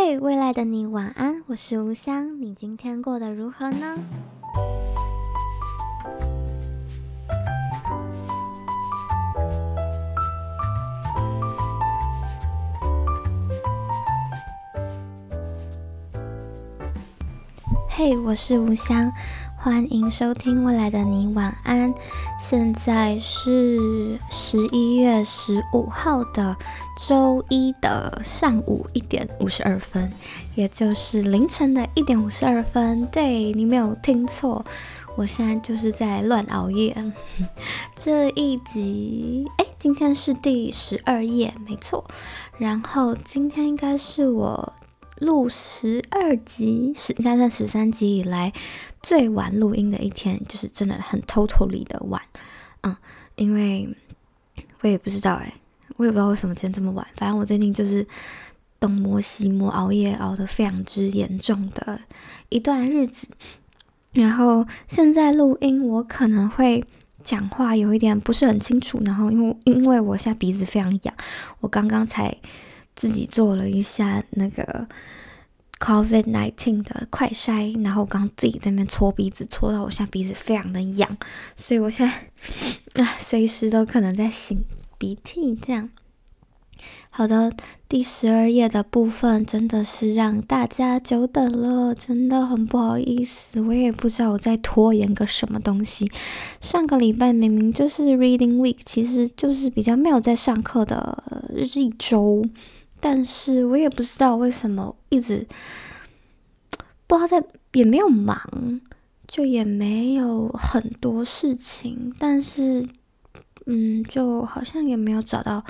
嘿、hey，，未來的你，晚安，我是吳翔，你今天過得如何呢？嘿、hey，，我是吳翔。歡迎收聽未來的你晚安。現在是十一月十五號的周一的上午一點五十二分，也就是凌晨的一點五十二分。對，你沒有聽錯，我現在就是在亂熬夜。 這一集，誒，今天是第十二夜，沒錯。然後今天應該是我錄十二集，是應該算十三集以來。最晚錄音的一天，就是真的很 totally 的晚，嗯，因為我也不知道、欸，哎，我也不知道為什麼今天這麼晚。反正我最近就是東摸西摸，熬夜熬得非常之嚴重的一段日子。然後現在錄音，我可能會講話有一點不是很清楚。然後，因為因為我現在鼻子非常癢，我剛剛才自己做了一下那個。Covid nineteen 的快篩，然後我剛剛自己在那邊搓鼻子，搓到我現在鼻子非常的癢，所以我現在啊隨時都可能在擤鼻涕。這樣，好的，第十二夜的部分真的是讓大家久等了，真的很不好意思，我也不知道我在拖延個什麼東西。上個禮拜明明就是 Reading Week，其實就是比較沒有在上課的日一周。但是我也不知道為什麼一直不知道在，也沒有忙，就也沒有很多事情，但是嗯，就好像也沒有找到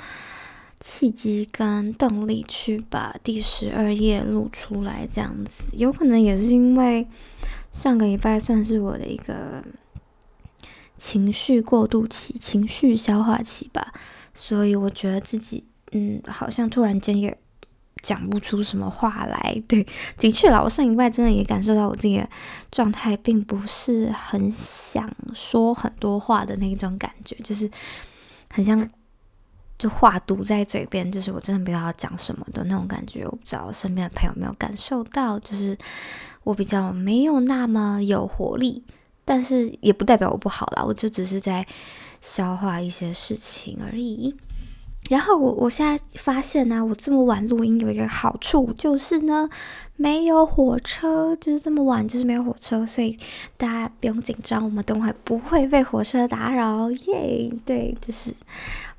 契機跟動力去把第十二夜錄出來這樣子。有可能也是因為上個禮拜算是我的一個情緒過渡期，情緒消化期吧，所以我覺得自己。嗯，好像突然間也講不出什麼話來。對，的確啦，我上一晚真的也感受到我自己的狀態，並不是很想說很多話的那種感覺，就是很像就話堵在嘴邊，就是我真的不知道要講什麼的那種感覺。我不知道身邊的朋友有沒有感受到，就是我比較沒有那麼有活力，但是也不代表我不好啦，我就只是在消化一些事情而已。然後我我現在發現呢、啊，我這麼晚錄音有一個好處就是呢，沒有火車，就是這麼晚就是沒有火車，所以大家不用緊張，我們等會不會被火車打擾耶。對，就是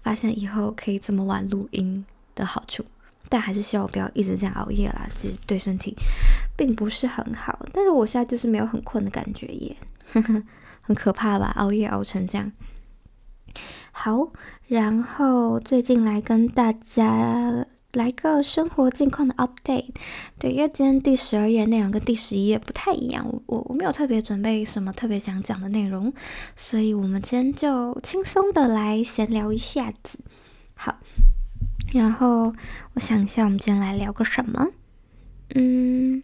發現以後可以這麼晚錄音的好處，但還是希望我不要一直這樣熬夜啦，其實對身體並不是很好。但是我現在就是沒有很困的感覺耶，呵呵，很可怕吧？熬夜熬成這樣。好，然後最近來跟大家來個生活近況的 update。對，因為今天第十二夜內容跟第十一夜不太一樣，我我沒有特別準備什麼特別想講的內容，所以我們今天就輕鬆的來閒聊一下子。好，然後我想一下，我們今天來聊個什麼？嗯。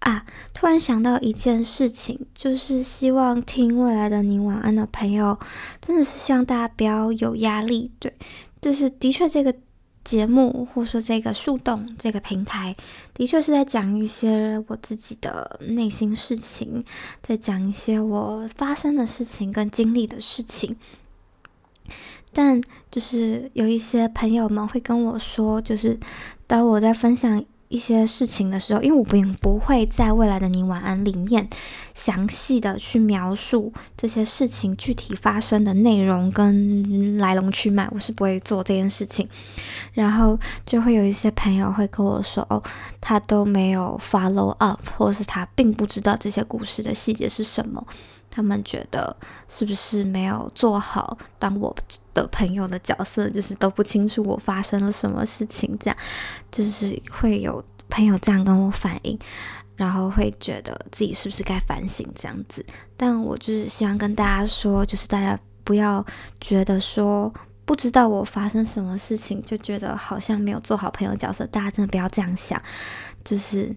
啊！突然想到一件事情，就是希望聽未來的你晚安的朋友，真的是希望大家不要有壓力。對，就是的確這個節目，或者說這個樹洞這個平台，的確是在講一些我自己的內心事情，在講一些我發生的事情跟經歷的事情。但就是有一些朋友們會跟我說，就是當我在分享。一些事情的時候，因為我並不會在《未來的你晚安》裡面詳細的去描述這些事情具體發生的內容跟來龍去脈，我是不會做這件事情。然後就會有一些朋友會跟我說：“哦，他都沒有 follow up，或者是他並不知道這些故事的細節是什麼。”他們覺得是不是沒有做好當我的朋友的角色，就是都不清楚我發生了什麼事情，這樣就是會有朋友這樣跟我反應，然後會覺得自己是不是該反省這樣子。但我就是希望跟大家說，就是大家不要覺得說不知道我發生什麼事情就覺得好像沒有做好朋友的角色，大家真的不要這樣想，就是。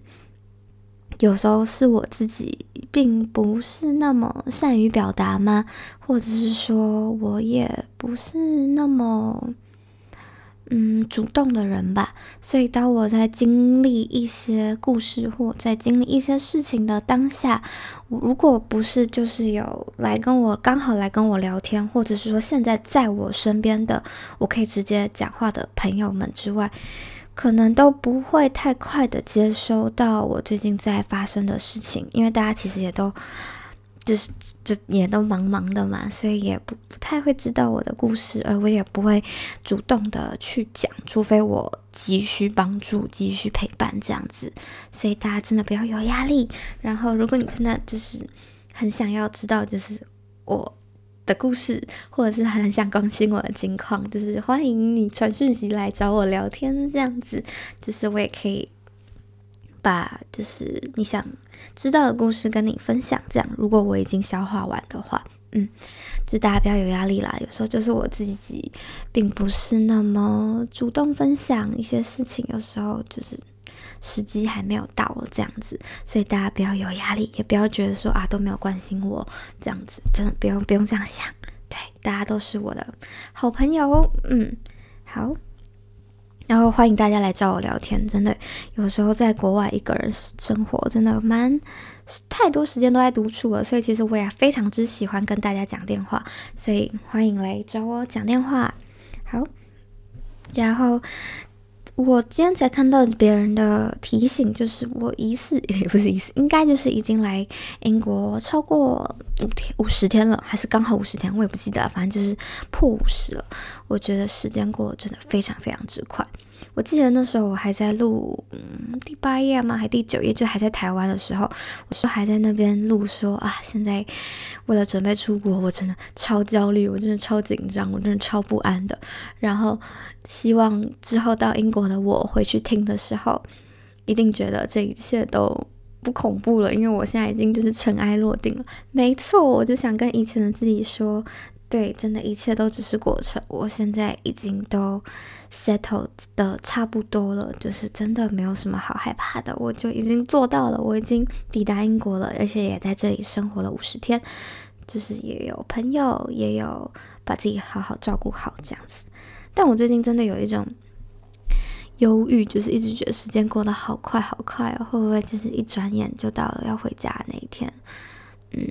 有時候是我自己並不是那麼善於表達嗎？或者是說我也不是那麼嗯主動的人吧？所以當我在經歷一些故事或在經歷一些事情的當下，我如果不是就是有來跟我剛好來跟我聊天，或者是說現在在我身邊的我可以直接講話的朋友們之外。可能都不會太快的接收到我最近在發生的事情，因為大家其實也都就是就也都忙忙的嘛，所以也不不太會知道我的故事，而我也不會主動的去講，除非我急需幫助、急需陪伴這樣子。所以大家真的不要有壓力。然後，如果你真的就是很想要知道，就是我。的故事，或者是很想關心我的近況，就是歡迎你傳訊息來找我聊天，這樣子，就是我也可以把就是你想知道的故事跟你分享。這樣，如果我已經消化完的話，嗯，就大家不要有壓力啦。有時候就是我自己，並不是那麼主動分享一些事情，有時候就是。時機還沒有到，這樣子，所以大家不要有壓力，也不要覺得說啊都沒有關心我，這樣子真的不用不用這樣想，對，大家都是我的好朋友，嗯，好，然後歡迎大家來找我聊天，真的，有時候在國外一個人生活真的蠻太多時間都在獨處了，所以其實我也非常之喜歡跟大家講電話，所以歡迎來找我講電話，好，然後。我今天才看到別人的提醒，就是我疑似也不是疑似，應該就是已經來英國超過五天、五十天了，還是剛好五十天，我也不記得，反正就是破五十了。我覺得時間過得真的非常非常之快。我記得那時候我還在錄，嗯，第八夜嗎？還第九夜？就還在台灣的時候，我說還在那邊錄說啊，現在為了準備出國，我真的超焦慮，我真的超緊張，我真的超不安的。然後希望之後到英國的我回去聽的時候，一定覺得這一切都不恐怖了，因為我現在已經就是塵埃落定了。沒錯，我就想跟以前的自己說。對，真的，一切都只是過程。我現在已經都 settle 的差不多了，就是真的沒有什麼好害怕的。我就已經做到了，我已經抵達英國了，而且也在這裡生活了五十天，就是也有朋友，也有把自己好好照顧好這樣子。但我最近真的有一種憂鬱，就是一直覺得時間過得好快好快哦，會不會就是一轉眼就到了要回家那一天？嗯。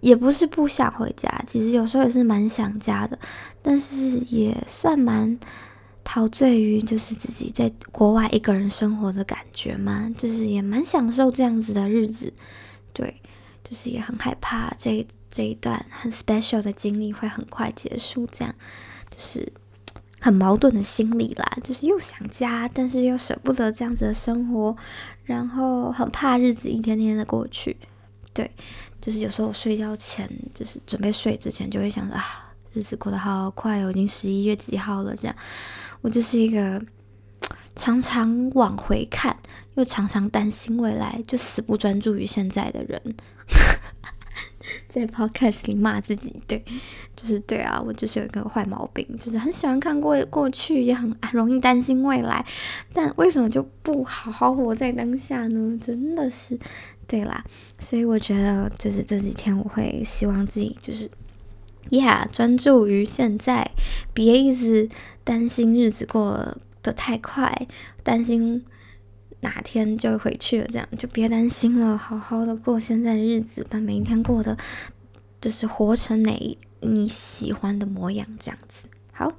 也不是不想回家，其實有時候也是蠻想家的，但是也算蠻陶醉於就是自己在國外一個人生活的感覺嘛，就是也蠻享受這樣子的日子，對，就是也很害怕這這一段很 special 的經歷會很快結束，這樣就是很矛盾的心理啦，就是又想家，但是又捨不得這樣子的生活，然後很怕日子一天天的過去，對。就是有時候我睡覺前，就是準備睡之前，就會想着啊，日子過得好快哦，我已經十一月幾號了，這樣。我就是一個常常往回看，又常常擔心未來，就死不專注於現在的人。 在 Podcast 裡罵自己，對，就是對啊，我就是有一個壞毛病，就是很喜歡看過過去，也很容易擔心未來，但為什麼就不好好活在當下呢？真的是。對啦，所以我覺得就是這幾天，我會希望自己就是，Yeah，專注於現在，別一直擔心日子過得太快，擔心哪天就會回去了，這樣就別擔心了，好好的過現在的日子吧，每一天過得就是活成哪你喜歡的模樣，這樣子好。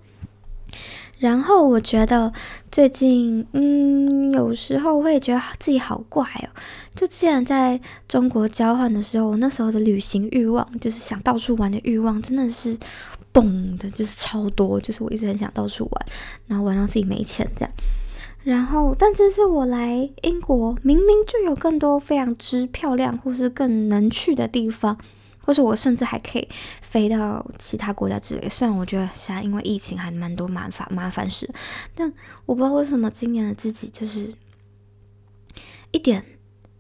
然後我覺得最近，嗯，有時候會覺得自己好怪哦。就之前在中國交換的時候，我那時候的旅行欲望，就是想到處玩的欲望，真的是，嘣的，就是超多，就是我一直很想到處玩，然後玩到自己沒錢這樣。然後，但這次我來英國，明明就有更多非常之漂亮或是更能去的地方。或者我甚至還可以飛到其他國家之類，雖然我覺得現在因為疫情還蠻多麻煩麻煩事，但我不知道為什麼今年的自己就是一點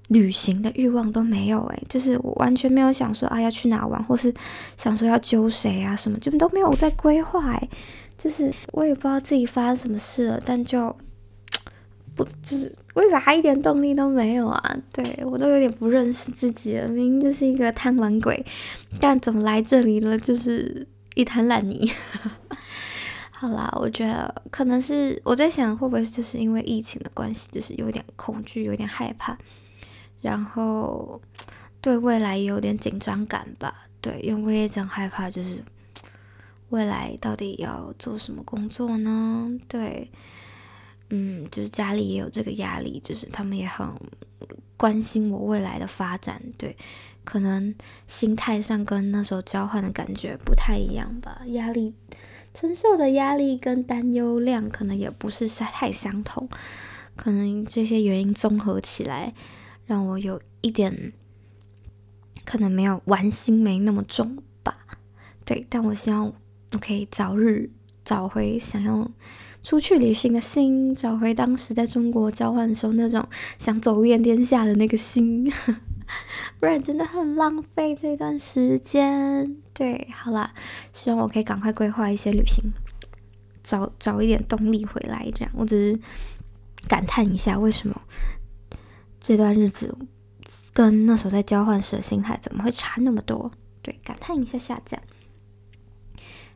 旅行的慾望都沒有哎、欸，就是我完全沒有想說啊要去哪玩，或是想說要揪誰啊什麼，就都沒有在規劃哎，就是我也不知道自己發生什麼事了，但就。我就是為啥一點動力都沒有啊？對，我都有點不認識自己了，明明就是一個貪玩鬼，但怎麼來這裡呢？就是一灘爛泥。 好啦，我覺得可能是我在想，會不會就是因為疫情的關係，就是有點恐懼，有點害怕，然後對未來也有點緊張感吧？對，因為我也很害怕，就是未來到底要做什麼工作呢？對。嗯，就是家裡也有這個壓力，就是他們也很關心我未來的發展，對，可能心態上跟那時候交換的感覺不太一樣吧，壓力承受的壓力跟擔憂量可能也不是太相同，可能這些原因綜合起來，讓我有一點可能沒有玩心，沒那麼重吧，對，但我希望我可以早日找回想要。出去旅行的心，找回當時在中國交換的時候那種想走遍天下的那個心， 不然真的很浪費這段時間。對，好啦，希望我可以趕快規劃一些旅行，找找一點動力回來。這樣，我只是感嘆一下，為什麼這段日子跟那時候在交換時的心態怎麼會差那麼多？對，感嘆一下下這樣。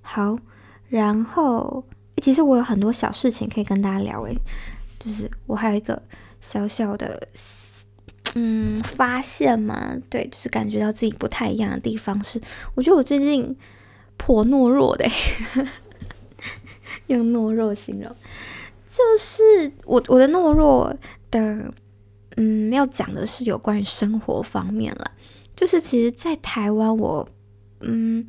好，然後。其實我有很多小事情可以跟大家聊誒，就是我還有一個小小的嗯發現嘛，對，就是感覺到自己不太一樣的地方是，我覺得我最近頗懦弱的， 用懦弱形容，就是我我的懦弱的嗯，要講的是有關於生活方面了，就是其實，在台灣我嗯。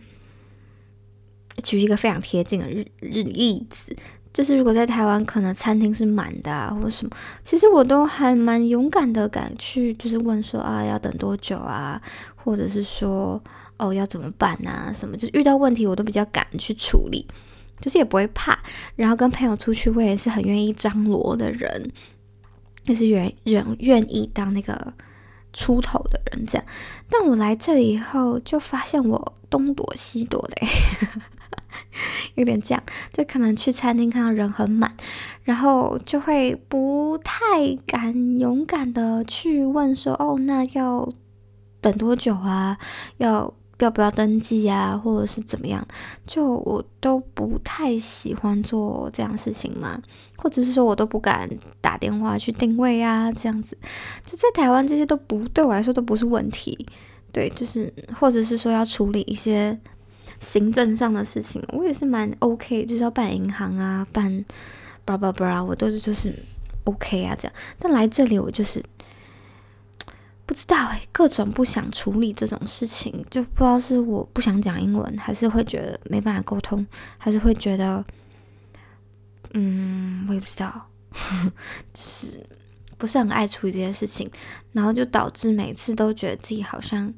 舉一個非常貼近的日日例子，就是如果在台灣可能餐廳是滿的啊，或者什麼，其實我都還蠻勇敢的，敢去就是問說啊要等多久啊，或者是說哦要怎麼辦啊什麼，就是遇到問題我都比較敢去處理，就是也不會怕。然後跟朋友出去，我也是很願意張羅的人，也是就是願願願意當那個出頭的人這樣。但我來這裡以後，就發現我東躲西躲的。有點這樣，就可能去餐廳看到人很滿，然後就會不太敢勇敢的去問說，哦，那要等多久啊？要要不要登記啊？或者是怎麼樣？就我都不太喜歡做這樣事情嘛，或者是說我都不敢打電話去訂位啊，這樣子，就在台灣這些都不對我來說都不是問題，對，就是或者是說要處理一些。行政上的事情，我也是蠻 OK，就是要辦銀行啊，辦，blah blah blah，我都是就是 OK 啊這樣。但來這裡我就是不知道誒，各種不想處理這種事情，就不知道是我不想講英文，還是會覺得沒辦法溝通，還是會覺得，嗯，我也不知道，呵呵，就是不是很愛處理這些事情，然後就導致每次都覺得自己好像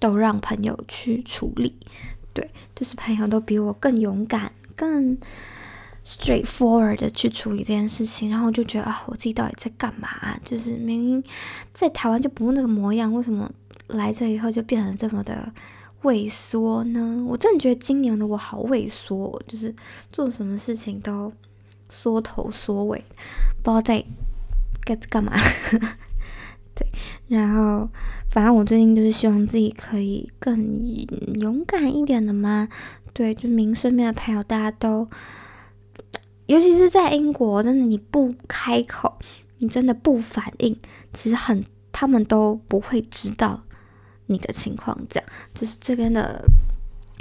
都讓朋友去處理。對，就是朋友都比我更勇敢、更 straightforward 的去處理這件事情，然後我就覺得啊，我自己到底在幹嘛？就是明明在台灣就不用那個模樣，為什麼來這以後就變成這麼的萎縮呢？我真的覺得今年的我好萎縮，就是做什麼事情都縮頭縮尾，不知道在該幹嘛。 對，然後，反正我最近就是希望自己可以更勇敢一點的嘛。對，就明身邊的朋友，大家都，尤其是在英國，真的你不開口，你真的不反應，其實很，他們都不會知道你的情況。這樣，就是這邊的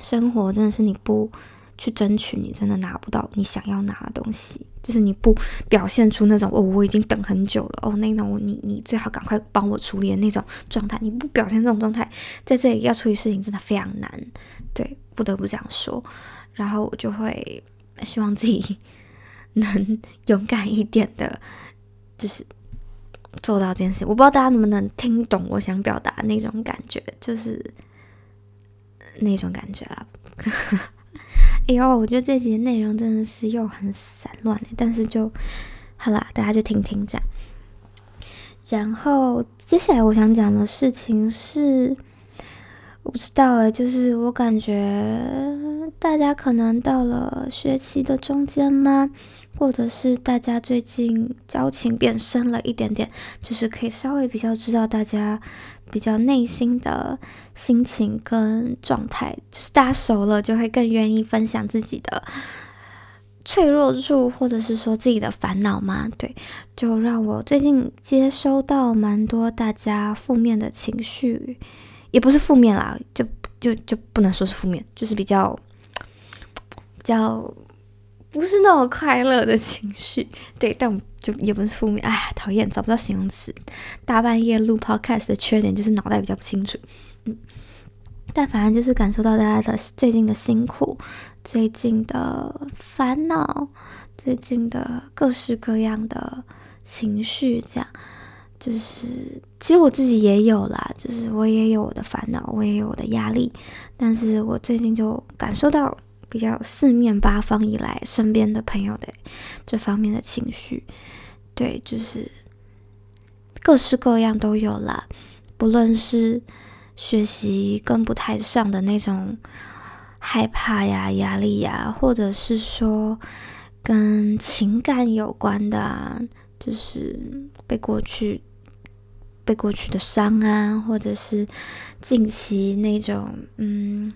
生活，真的是你不去爭取，你真的拿不到你想要拿的東西。就是你不表現出那種哦，我已經等很久了哦，那種你你最好趕快幫我處理的那種狀態，你不表現這種狀態，在這裡要處理事情真的非常難，對，不得不這樣說。然後我就會希望自己能勇敢一點的，就是做到這件事情。我不知道大家能不能聽懂我想表達的那種感覺，就是那種感覺啦 哎呦，我覺得這集的內容真的是又很散亂哎，但是就好啦，大家就聽聽這樣。然後接下來我想講的事情是，我不知道誒，就是我感覺大家可能到了學期的中間嗎？或者是大家最近交情變深了一點點，就是可以稍微比較知道大家比較內心的心情跟狀態，就是大家熟了就會更願意分享自己的脆弱處，或者是說自己的煩惱嘛。對，就讓我最近接收到蠻多大家負面的情緒，也不是負面啦，就就就不能說是負面，就是比較，比較。不是那種快樂的情緒，對，但我們就也不是負面，哎，討厭，找不到形容詞。大半夜錄 podcast 的缺點就是腦袋比較不清楚，嗯，但反正就是感受到大家的最近的辛苦，最近的煩惱，最近的各式各樣的情緒，這樣就是，其實我自己也有啦，就是我也有我的煩惱，我也有我的壓力，但是我最近就感受到。比較四面八方以來，身邊的朋友的這方面的情緒，對，就是各式各樣都有啦。不論是學習跟不太上的那種害怕呀、壓力呀，或者是說跟情感有關的啊，就是被過去被過去的傷啊，或者是近期那種嗯。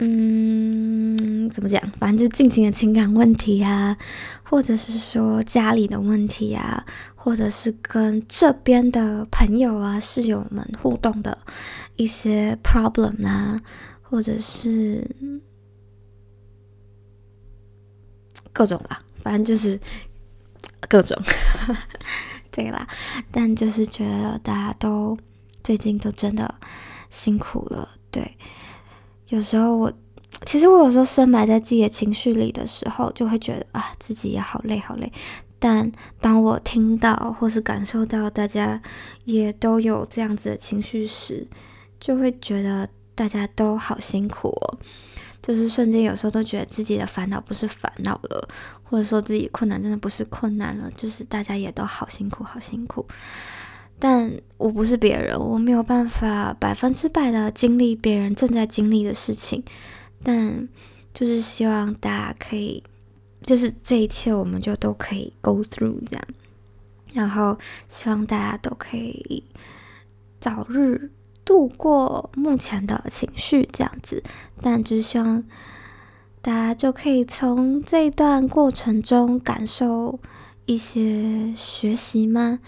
嗯，怎麼講？反正就是近期的情感問題啊，或者是說家裡的問題啊，或者是跟這邊的朋友啊、室友們互動的一些 problem 啊，或者是各種吧，反正就是各種。 對啦，但就是覺得大家都最近都真的辛苦了，對。有時候我，其實我有時候深埋在自己的情緒裡的時候，就會覺得啊，自己也好累，好累。但當我聽到或是感受到大家也都有這樣子的情緒時，就會覺得大家都好辛苦哦。就是瞬間有時候都覺得自己的煩惱不是煩惱了，或者說自己困難真的不是困難了，就是大家也都好辛苦，好辛苦。但我不是別人，我沒有辦法百分之百的經歷別人正在經歷的事情，但就是希望大家可以，就是這一切我們就都可以 go through 這樣，然後希望大家都可以早日度過目前的情緒這樣子，但就是希望大家就可以從這一段過程中感受一些學習嗎？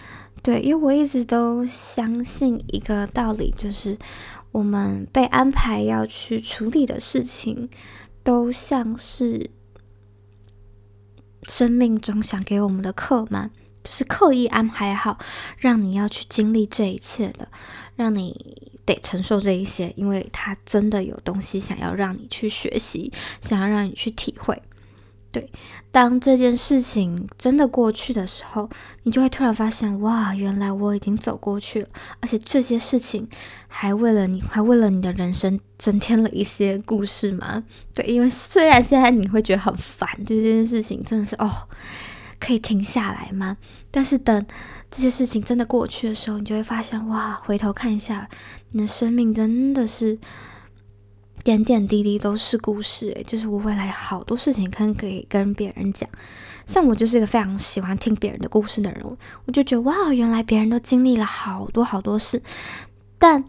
對，因為我一直都相信一個道理，就是我們被安排要去處理的事情，都像是生命中想給我們的課嘛，就是刻意安排好，讓你要去經歷這一切的，讓你得承受這一些，因為他真的有東西想要讓你去學習，想要讓你去體會。對，當這件事情真的過去的時候，你就會突然發現，哇，原來我已經走過去了，而且這些事情還為了你，還為了你的人生增添了一些故事嗎？對，因為雖然現在你會覺得很煩，這件事情真的是哦，可以停下來嗎？但是等這些事情真的過去的時候，你就會發現，哇，回頭看一下，你的生命真的是。點點滴滴都是故事，哎，就是我未來好多事情可以跟別人講。像我就是一個非常喜歡聽別人的故事的人，我就覺得哇，原來別人都經歷了好多好多事，但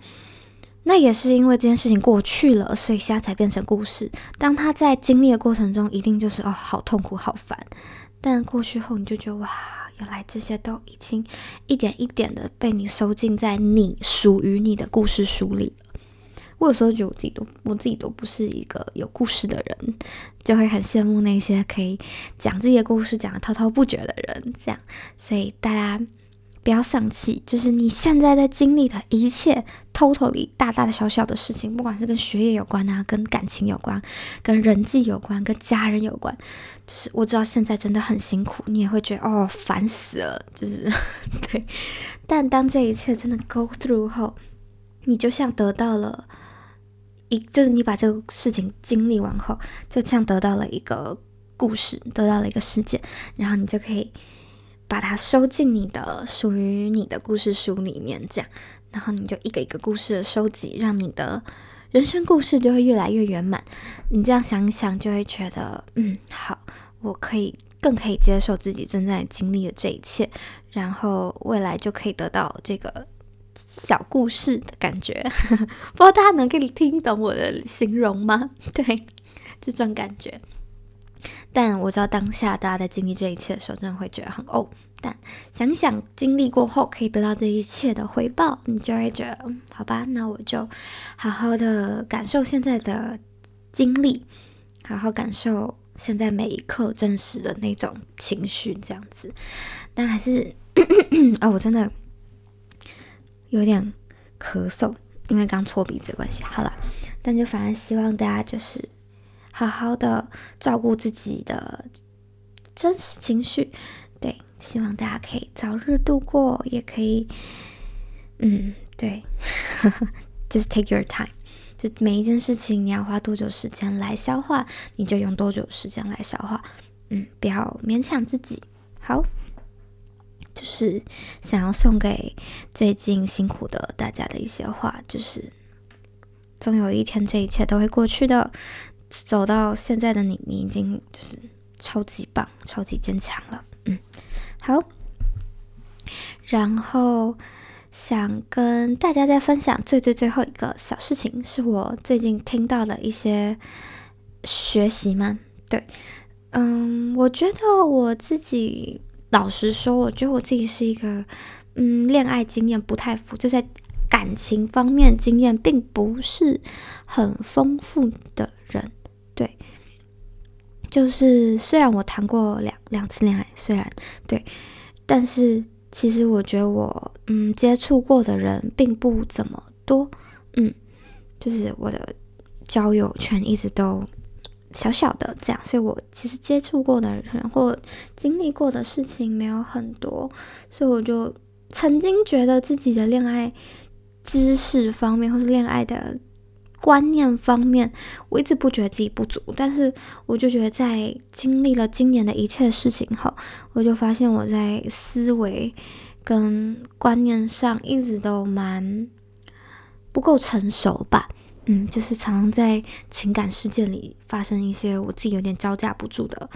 那也是因為這件事情過去了，所以現在才變成故事。當他在經歷的過程中，一定就是哦，好痛苦，好煩。但過去後，你就覺得哇，原來這些都已經一點一點的被你收進在你屬於你的故事書裡了。我說句，我自己都，我自己都不是一個有故事的人，就會很羨慕那些可以講自己的故事講得滔滔不絕的人。這樣，所以大家不要喪氣，就是你現在在經歷的一切，totally 大大的、小小的，事情，不管是跟學業有關啊，跟感情有關，跟人際有關，跟家人有關，就是我知道現在真的很辛苦，你也會覺得哦，煩死了，就是對。但當這一切真的 go through 後，你就像得到了。一就是你把這個事情經歷完後，就這樣得到了一個故事，得到了一個事件，然後你就可以把它收進你的屬於你的故事書裡面，這樣，然後你就一個一個故事的收集，讓你的人生故事就會越來越圓滿。你這樣想一想，就會覺得，嗯，好，我可以更可以接受自己正在經歷的這一切，然後未來就可以得到這個。小故事的感覺，不知道大家能給你聽懂我的形容嗎？對，就這種感覺。但我知道當下大家在經歷這一切的時候，真的會覺得很哦。但想想經歷過後可以得到這一切的回報，你就會覺得好吧。那我就好好的感受現在的經歷，好好感受現在每一刻真實的那種情緒，這樣子。但還是，咳咳咳哦，我真的。有點咳嗽，因為剛搓鼻子的關係。好了，但就反而希望大家就是好好的照顧自己的真實情緒。對，希望大家可以早日度過，也可以，嗯，對 ，just take your time，就每一件事情你要花多久時間來消化，你就用多久時間來消化。嗯，不要勉強自己。好。是想要送給最近辛苦的大家的一些話，就是總有一天這一切都會過去的。走到現在的你，你已經就是超級棒、超級堅強了。嗯，好。然後想跟大家再分享最最最後一個小事情，是我最近聽到的一些學習嘛，對，嗯，我覺得我自己。老實說，我覺得我自己是一個，嗯，戀愛經驗不太富，就在感情方面經驗並不是很豐富的人。對，就是雖然我談過兩兩次戀愛，雖然對，但是其實我覺得我，嗯，接觸過的人並不怎麼多。嗯，就是我的交友圈一直都。小小的這樣，所以我其實接觸過的人或經歷過的事情沒有很多，所以我就曾經覺得自己的戀愛知識方面或是戀愛的觀念方面，我一直不覺得自己不足，但是我就覺得在經歷了今年的一切事情後，我就發現我在思維跟觀念上一直都蠻不夠成熟吧。嗯，就是常常在情感事件裡發生一些我自己有點招架不住的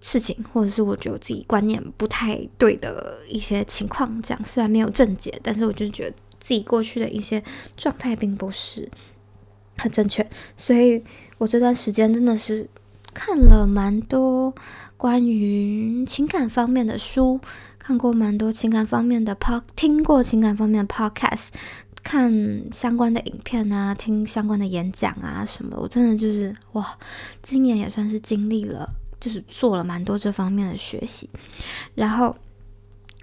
事情，或者是我覺得我自己觀念不太對的一些情況。這樣雖然沒有正解，但是我就覺得自己過去的一些狀態並不是很正確。所以我這段時間真的是看了蠻多關於情感方面的書，看過蠻多情感方面的 pod，聽過情感方面的 podcast。看相關的影片啊，聽相關的演講啊，什麼的，我真的就是哇，今年也算是經歷了，就是做了蠻多這方面的學習。然後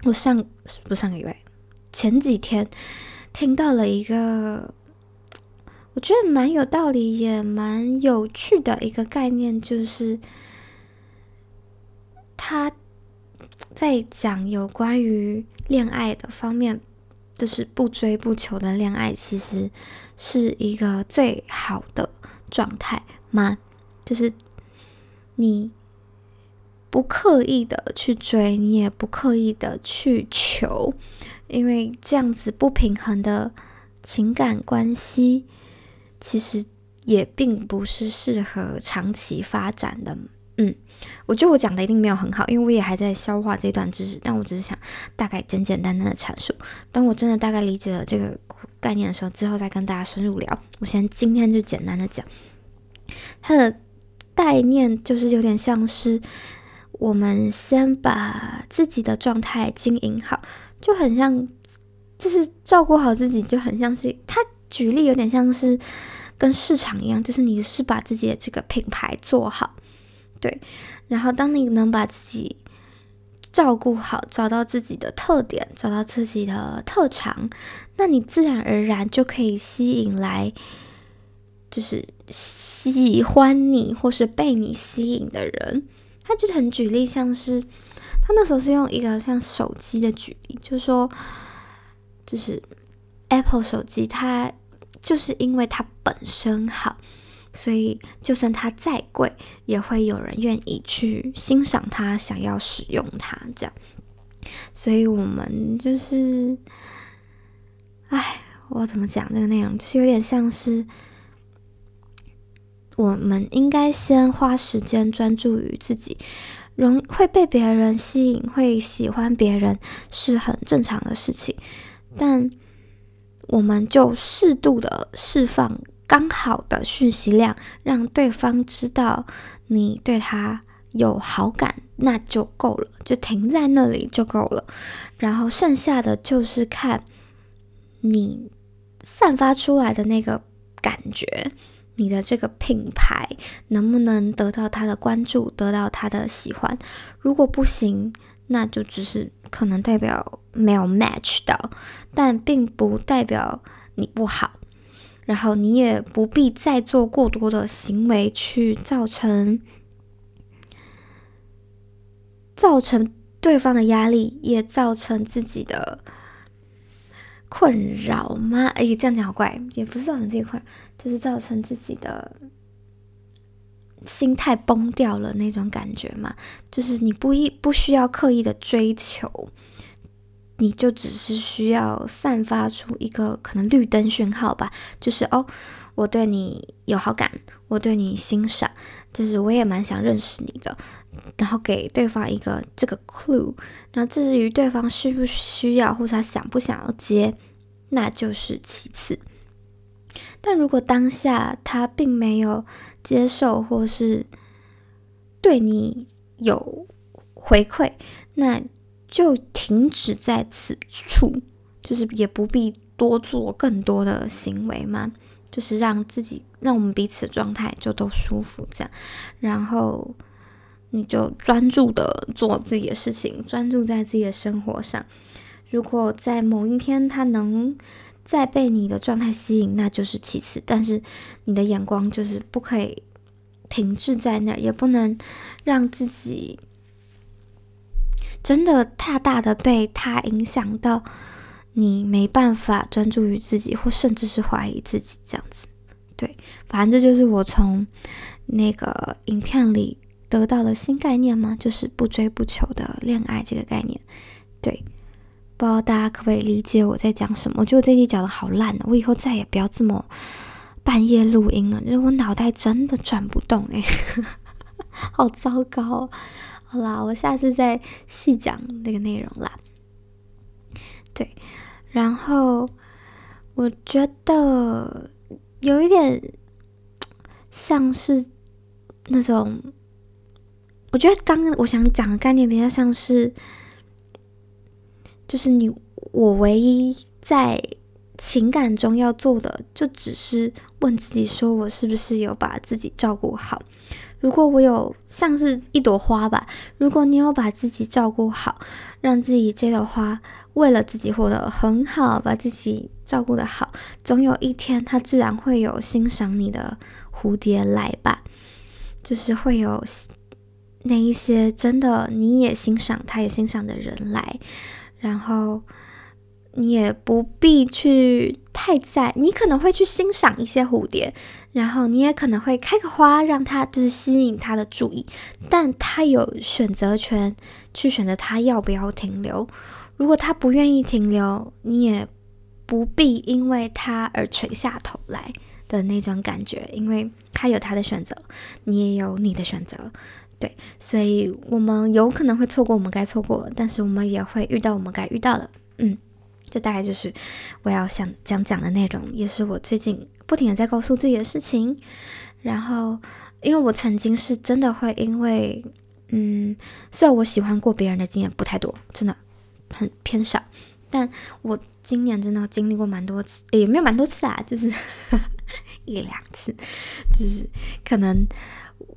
我上不上個禮拜，前幾天聽到了一個我覺得蠻有道理也蠻有趣的一個概念，就是他在講有關於戀愛的方面。就是不追不求的戀愛，其實是一個最好的狀態嗎？就是你不刻意的去追，你也不刻意的去求，因為這樣子不平衡的情感關係，其實也並不是適合長期發展的。嗯。我覺得我講的一定沒有很好，因為我也還在消化這段知識。但我只是想大概簡簡單單的闡述。當我真的大概理解了這個概念的時候，之後再跟大家深入聊。我先今天就簡單的講，它的概念就是有點像是我們先把自己的狀態經營好，就很像，就是照顧好自己，就很像是他舉例有點像是跟市場一樣，就是你是把自己的這個品牌做好。對，然後當你能把自己照顧好，找到自己的特點，找到自己的特長，那你自然而然就可以吸引來，就是喜歡你或是被你吸引的人。他就很舉例，像是他那時候是用一個像手機的舉例，就是說，就是 Apple 手機，它就是因為它本身好。所以，就算它再貴，也會有人願意去欣賞它，想要使用它，這樣。所以，我們就是，哎，我怎麼講這個內容？其、就是有點像是，我們應該先花時間專注於自己，容會被別人吸引，會喜歡別人是很正常的事情，但我們就適度的釋放。剛好的訊息量，讓對方知道你對他有好感，那就夠了，就停在那裡就夠了。然後剩下的就是看你散發出來的那個感覺，你的這個品牌能不能得到他的關注，得到他的喜歡。如果不行，那就只是可能代表沒有 match 到，但並不代表你不好。然後你也不必再做過多的行為去造成，造成對方的壓力，也造成自己的困擾嘛。哎，這樣講好怪，也不是造成這一塊，就是造成自己的心態崩掉了那種感覺嘛，就是你不一不需要刻意的追求。你就只是需要散發出一個可能綠燈訊號吧，就是哦，我對你有好感，我對你欣賞，就是我也蠻想認識你的，然後給對方一個這個 clue，然後至於對方需不需要，或者他想不想要接，那就是其次。但如果當下他並沒有接受，或是對你有回饋，那，就停止在此處，就是也不必多做更多的行為嘛。就是讓自己，讓我們彼此的狀態就都舒服這樣。然後你就專注地做自己的事情，專注在自己的生活上。如果在某一天他能再被你的狀態吸引，那就是其次。但是你的眼光就是不可以停滯在那兒，也不能讓自己。真的大大的被他影響到，你沒辦法專注於自己，或甚至是懷疑自己這樣子。對，反正這就是我從那個影片裡得到的新概念嗎？就是不追不求的戀愛這個概念。對，不知道大家可不可以理解我在講什麼？我覺得我這集講得好爛，哦，我以後再也不要這麼半夜錄音了。就是我腦袋真的轉不動誒、哎，好糟糕哦。好啦，我下次再細講那個內容啦。對，然後我覺得有一點像是那種，我覺得剛剛我想講的概念比較像是，就是你我唯一在情感中要做的，就只是問自己，說我是不是有把自己照顧好。如果我有像是一朵花吧，如果你有把自己照顧好，讓自己這朵花為了自己活得很好，把自己照顧得好，總有一天，它自然會有欣賞你的蝴蝶來吧，就是會有那一些真的你也欣賞，他也欣賞的人來，然後。你也不必去太在意，你可能會去欣賞一些蝴蝶，然後你也可能會開個花，讓它就是吸引他的注意。但他有選擇權，去選擇他要不要停留。如果他不願意停留，你也不必因為他而垂下頭來的那種感覺，因為他有他的選擇，你也有你的選擇。對，所以我們有可能會錯過我們該錯過的，但是我們也會遇到我們該遇到的。嗯。這大概就是我要想講講的內容，也是我最近不停地在告訴自己的事情。然後，因為我曾經是真的會因為，嗯，雖然我喜歡過別人的經驗不太多，真的很偏少，但我今年真的經歷過蠻多次，也沒有蠻多次啊，就是 一兩次，就是可能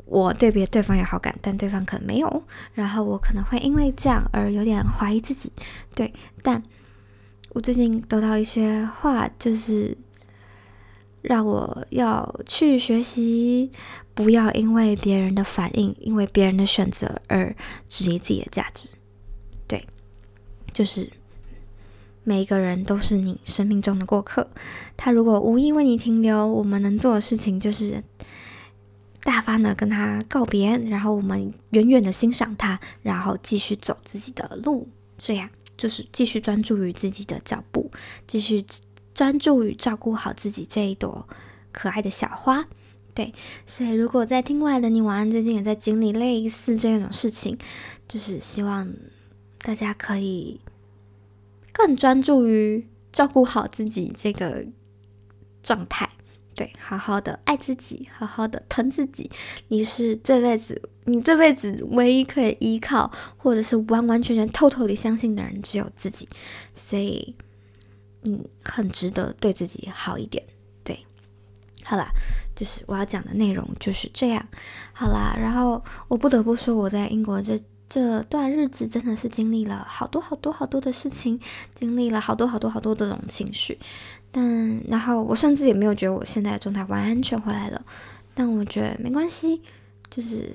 我對別對方有好感，但對方可能沒有，然後我可能會因為這樣而有點懷疑自己，對，但。我最近得到一些話，就是讓我要去學習，不要因為別人的反應、因為別人的選擇而質疑自己的價值。對，就是每一個人都是你生命中的過客，他如果無意為你停留，我們能做的事情就是大方的跟他告別，然後我們遠遠的欣賞他，然後繼續走自己的路，這樣。就是繼續專注於自己的腳步，繼續專注於照顧好自己這一朵可愛的小花。對，所以如果在聽過來的你，晚安，最近也在經歷類似這種事情，就是希望大家可以更專注於照顧好自己這個狀態。對，好好的愛自己，好好的疼自己。你是這輩子，你這輩子唯一可以依靠，或者是完完全全、totally 相信的人，只有自己。所以，你、嗯、很值得對自己好一點。對，好啦，就是我要講的內容就是這樣。好啦，然後我不得不說，我在英國這這段日子真的是經歷了好多好多好多的事情，經歷了好多好多好多的這種情緒。嗯，然後我甚至也沒有覺得我現在的狀態完全回來了，但我覺得沒關係，就是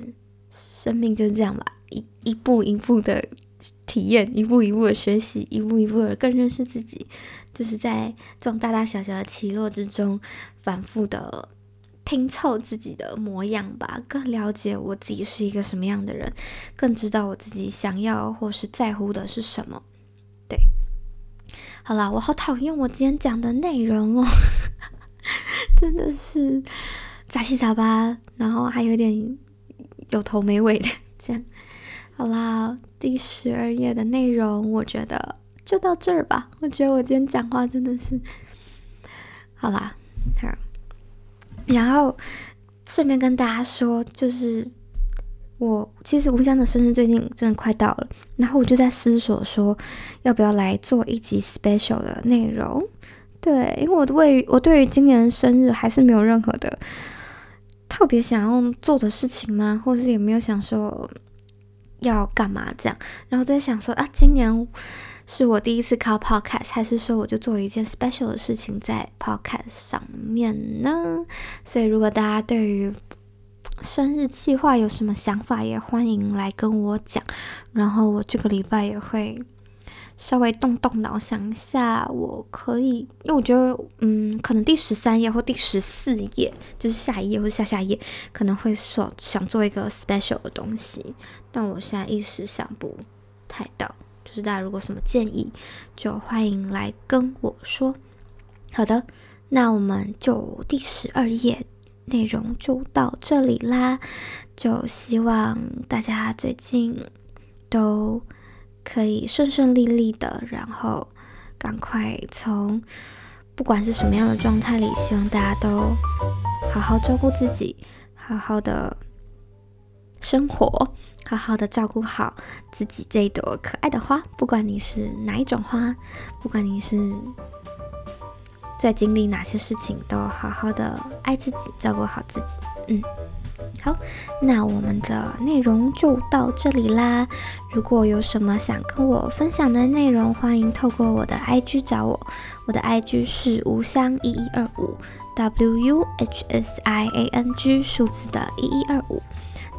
生命就是這樣吧，一一步一步的體驗，一步一步的學習，一步一步的更認識自己，就是在這種大大小小的起落之中，反覆的拼湊自己的模樣吧，更了解我自己是一個什麼樣的人，更知道我自己想要或是在乎的是什麼，對。好啦，我好討厭我今天講的內容哦， 真的是雜七雜八，然後還有點有頭沒尾的這樣。好啦，第十二夜的內容我覺得就到這兒吧。我覺得我今天講話真的是，好啦，好。然後順便跟大家說，就是。我其實無相的生日最近真的快到了，然後我就在思索說，要不要來做一集 special 的內容？對，因為我的對於我對於今年生日還是沒有任何的特別想要做的事情嗎？或者是也沒有想說要幹嘛這樣？然後就在想說啊，今年是我第一次靠 podcast，還是說我就做一件 special 的事情在 podcast 上面呢？所以如果大家對於生日計劃有什麼想法也歡迎來跟我講，然後我這個禮拜也會稍微動動腦想一下，我可以，因為我覺得，嗯，可能第十三夜或第十四夜，就是下一夜或下下夜，可能會說想做一個 special 的東西，但我現在一時想不太到，就是大家如果什麼建議，就歡迎來跟我說。好的，那我們就第十二夜。內容就到這裡啦，就希望大家最近都可以順順利利的，然後趕快從不管是什麼樣的狀態裡，希望大家都好好照顧自己，好好的生活，好好的照顧好自己這一朵可愛的花。不管你是哪一種花，不管你是。在經歷哪些事情，都好好的愛自己，照顧好自己。嗯，好，那我們的內容就到這裡啦。如果有什麼想跟我分享的內容，歡迎透過我的 IG 找我。我的 IG 是無香一一二五 W U H S I A N G 數字的一一二五。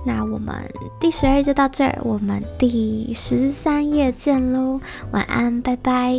那我們第十二就到這兒，我們第十三夜見嘍。晚安，拜拜。